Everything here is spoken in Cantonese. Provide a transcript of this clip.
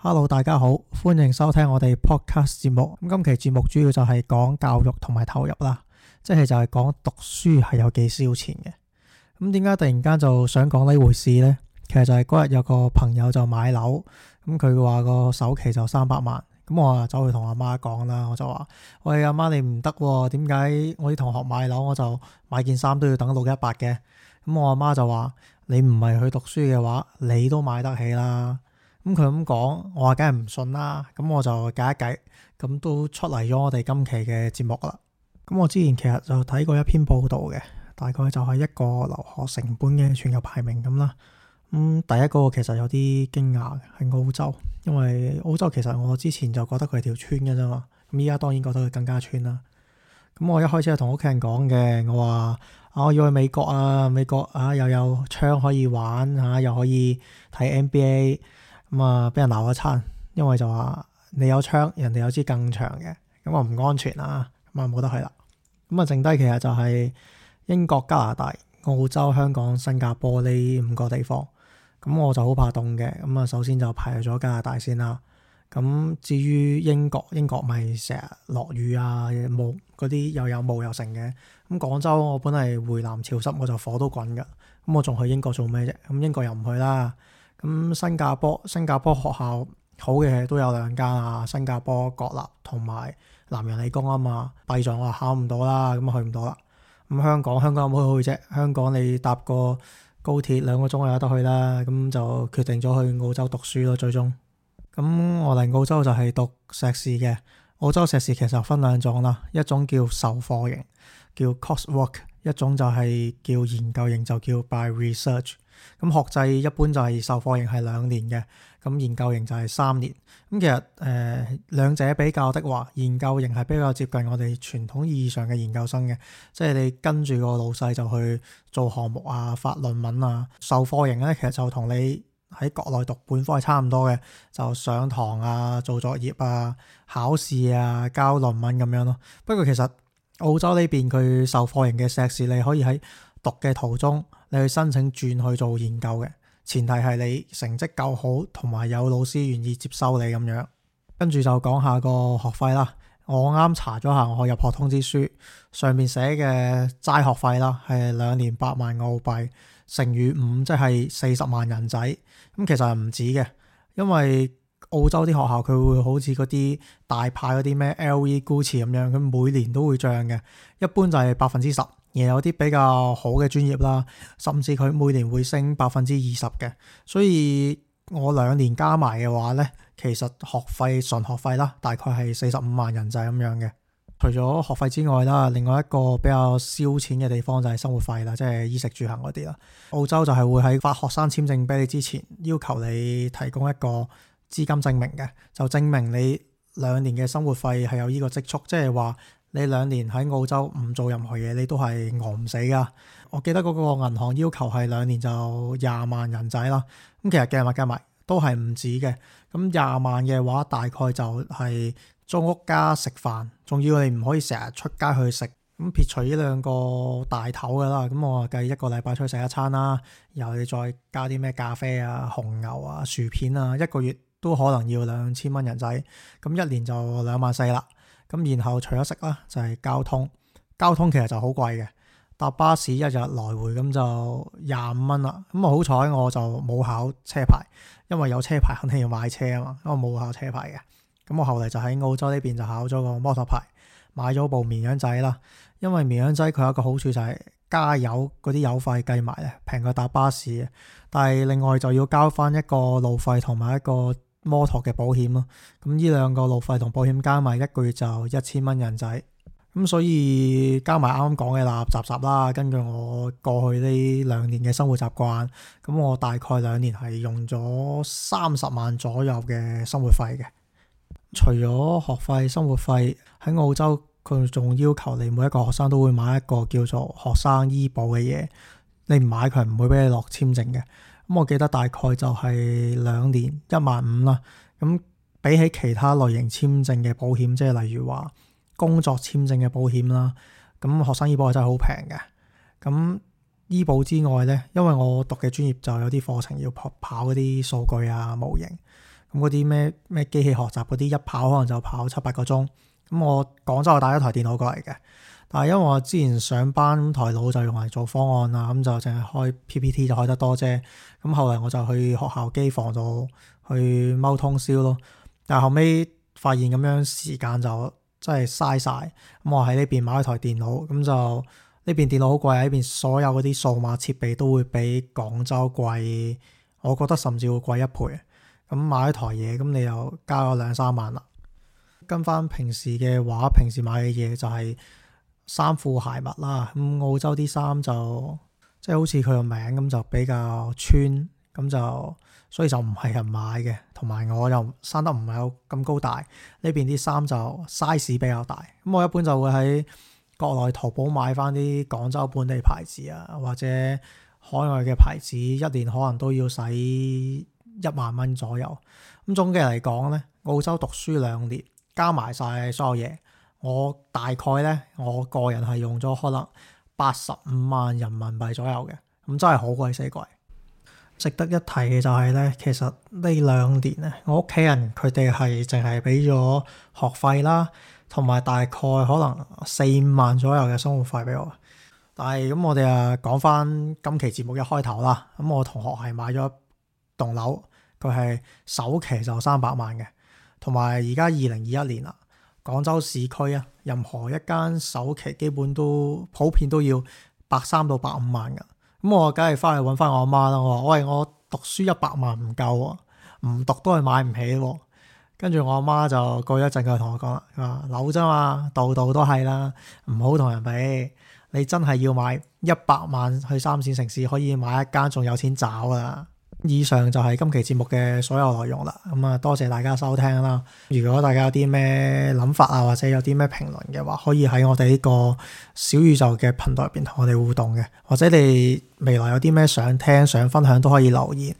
Hello，大家好，歡迎收聽我哋 podcast 節目。咁今期節目主要就係講教育同埋投入啦，即係就係講讀書係有幾燒錢嘅。咁點解突然間就想講呢回事咧？其實就係嗰日有個朋友就買樓，咁佢話個首期就三百萬，咁我啊走去同阿媽講啦，我就話：喂，阿媽你唔得喎，點解我啲同學買樓我就買件衫都要等六一八嘅？咁我阿媽就話：你唔係去讀書嘅話，你都買得起啦。咁佢咁講，我話梗係唔信啦。咁、嗯、我就計一計，咁、嗯、都出嚟咗我哋今期嘅節目啦。咁、嗯、我之前其實就睇過一篇報道嘅，大概就係一個留學成本嘅全球排名咁啦。咁、嗯、第一個其實有啲驚訝嘅，係澳洲，因為澳洲其實我之前就覺得佢係條村嘅啫嘛。咁依家當然覺得佢更加村啦。咁、嗯、我一開始係同屋企人講嘅，我話啊我要去美國啊，美國啊又有槍可以玩吓、啊，又可以睇 NBA。咁啊，俾人鬧一餐，因為就話你有槍，人哋有支更長嘅，咁啊，唔安全啊，咁啊冇得去啦。咁啊，剩低其實就係英國、加拿大、澳洲、香港、新加坡呢五個地方。咁我就好怕凍嘅，咁啊首先就排除咗加拿大先啦。咁至於英國，英國咪成日落雨啊，霧嗰啲又有霧又成嘅。咁廣州我本嚟回南潮濕，我就火都滾㗎。咁我仲去英國做咩啫？咁英國又唔去啦。咁新加坡，新加坡學校好嘅都有兩間啊，新加坡國立同埋南洋理工啊嘛。弊在我考唔到啦，咁去唔到啦。咁香港，香港有冇去去啫？香港你搭個高鐵兩個鐘就有得去啦。咁就決定咗去澳洲讀書咯。最終，咁我嚟澳洲就係讀碩士嘅。澳洲碩士其實分兩種啦，一種叫授課型，叫 coursework；一種就係叫研究型，就叫 by research。咁學制一般就係授課型係兩年嘅，咁研究型就係三年。咁其實誒、呃、兩者比較的話，研究型係比較接近我哋傳統意義上嘅研究生嘅，即係你跟住個老細就去做項目啊、發論文啊。授課型咧，其實就同你喺國內讀本科係差唔多嘅，就上堂啊、做作業啊、考試啊、交論文咁樣咯。不過其實澳洲呢邊佢授課型嘅碩士，你可以喺讀嘅途中。你去申請轉去做研究嘅前提係你成績夠好，同埋有老師願意接收你咁樣。跟住就講下個學費啦。我啱查咗下我入學通知書上面寫嘅齋學費啦，係兩年八萬澳幣乘以五，即係四十萬人仔。咁其實係唔止嘅，因為澳洲啲學校佢會好似嗰啲大牌嗰啲咩 L V Gucci 咁樣，佢每年都會漲嘅。一般就係百分之十。而有啲比較好嘅專業啦，甚至佢每年會升百分之二十嘅，所以我兩年加埋嘅話咧，其實學費純學費啦，大概係四十五萬人仔咁樣嘅。除咗學費之外啦，另外一個比較燒錢嘅地方就係生活費啦，即係衣食住行嗰啲啦。澳洲就係會喺發學生簽證俾你之前，要求你提供一個資金證明嘅，就證明你兩年嘅生活費係有呢個積蓄，即係話。你兩年喺澳洲唔做任何嘢，你都係餓唔死㗎。我記得嗰個銀行要求係兩年就廿萬人仔啦。咁、嗯、其實計埋計埋都係唔止嘅。咁廿萬嘅話，大概就係租屋加食飯，仲要你唔可以成日出街去食。咁撇除呢兩個大頭㗎啦，咁我計一個禮拜出去食一餐啦，然後你再加啲咩咖啡啊、紅牛啊、薯片啊，一個月都可能要兩千蚊人仔。咁一年就兩萬四啦。咁然後除咗食啦，就係交通。交通其實就好貴嘅，搭巴士一日來回咁就廿五蚊啦。咁好彩我就冇考車牌，因為有車牌肯定要買車啊嘛。因為我冇考車牌嘅，咁我後嚟就喺澳洲呢邊就考咗個摩托牌，買咗部綿羊仔啦。因為綿羊仔佢有一個好處就係加油嗰啲油費計埋咧，平過搭巴士。但係另外就要交翻一個路費同埋一個摩托嘅保險咯，咁呢兩個路費同保險加埋一個月就一千蚊人仔，咁所以加埋啱啱講嘅垃垃雜雜啦，根據我過去呢兩年嘅生活習慣，咁我大概兩年係用咗三十萬左右嘅生活費嘅，除咗學費、生活費喺澳洲佢仲要求你每一個學生都會買一個叫做學生醫保嘅嘢，你唔買佢係唔會俾你落簽證嘅。咁我記得大概就係兩年一萬五啦。咁比起其他類型簽證嘅保險，即係例如話工作簽證嘅保險啦，咁學生醫保係真係好平嘅。咁醫保之外咧，因為我讀嘅專業就有啲課程要跑跑嗰啲數據啊、模型，咁嗰啲咩咩機器學習嗰啲一跑可能就跑七八個鐘。咁我廣州，我帶一台電腦過嚟嘅，但係因為我之前上班台腦就用嚟做方案啦，咁就淨係開 PPT 就開得多啫。咁後嚟我就去學校機房度去踎通宵咯。但係後尾發現咁樣時間就真係嘥晒，咁我喺呢邊買一台電腦，咁就呢邊電腦好貴，喺呢邊所有嗰啲數碼設備都會比廣州貴，我覺得甚至會貴一倍。咁買一台嘢，咁你又交咗兩三萬啦。跟翻平時嘅話，平時買嘅嘢就係衫褲鞋襪啦。咁澳洲啲衫就即係、就是、好似佢個名咁，就比較穿咁就，所以就唔係人買嘅。同埋我又生得唔係有咁高大，呢邊啲衫就 size 比較大。咁我一般就會喺國內淘寶買翻啲廣州本地牌子啊，或者海外嘅牌子。一年可能都要使一萬蚊左右。咁總嘅嚟講咧，澳洲讀書兩年。加埋晒所有嘢，我大概咧，我個人係用咗可能八十五萬人民幣左右嘅，咁真係好鬼死貴。值得一提嘅就係咧，其實呢兩年咧，我屋企人佢哋係淨係俾咗學費啦，同埋大概可能四五萬左右嘅生活費俾我。但係咁，我哋就講返今期節目嘅開頭啦，咁我同學係買咗棟樓，佢係首期就三百萬嘅。同埋而家二零二一年啦，廣州市區啊，任何一間首期基本都普遍都要百三到百五萬嘅。咁我梗係翻去揾翻我阿媽啦。我話：喂，我讀書一百萬唔夠喎、啊，唔讀都係買唔起喎、啊。跟住我阿媽就過一陣，佢同我講啦：佢話樓啫嘛，度度都係啦，唔好同人比。你真係要買一百萬去三線城市可以買一間，仲有錢找啊！以上就係今期節目嘅所有內容啦。咁啊，多謝大家收聽啦。如果大家有啲咩諗法啊，或者有啲咩評論嘅話，可以喺我哋呢個小宇宙嘅頻道入邊同我哋互動嘅，或者你未來有啲咩想聽、想分享，都可以留言。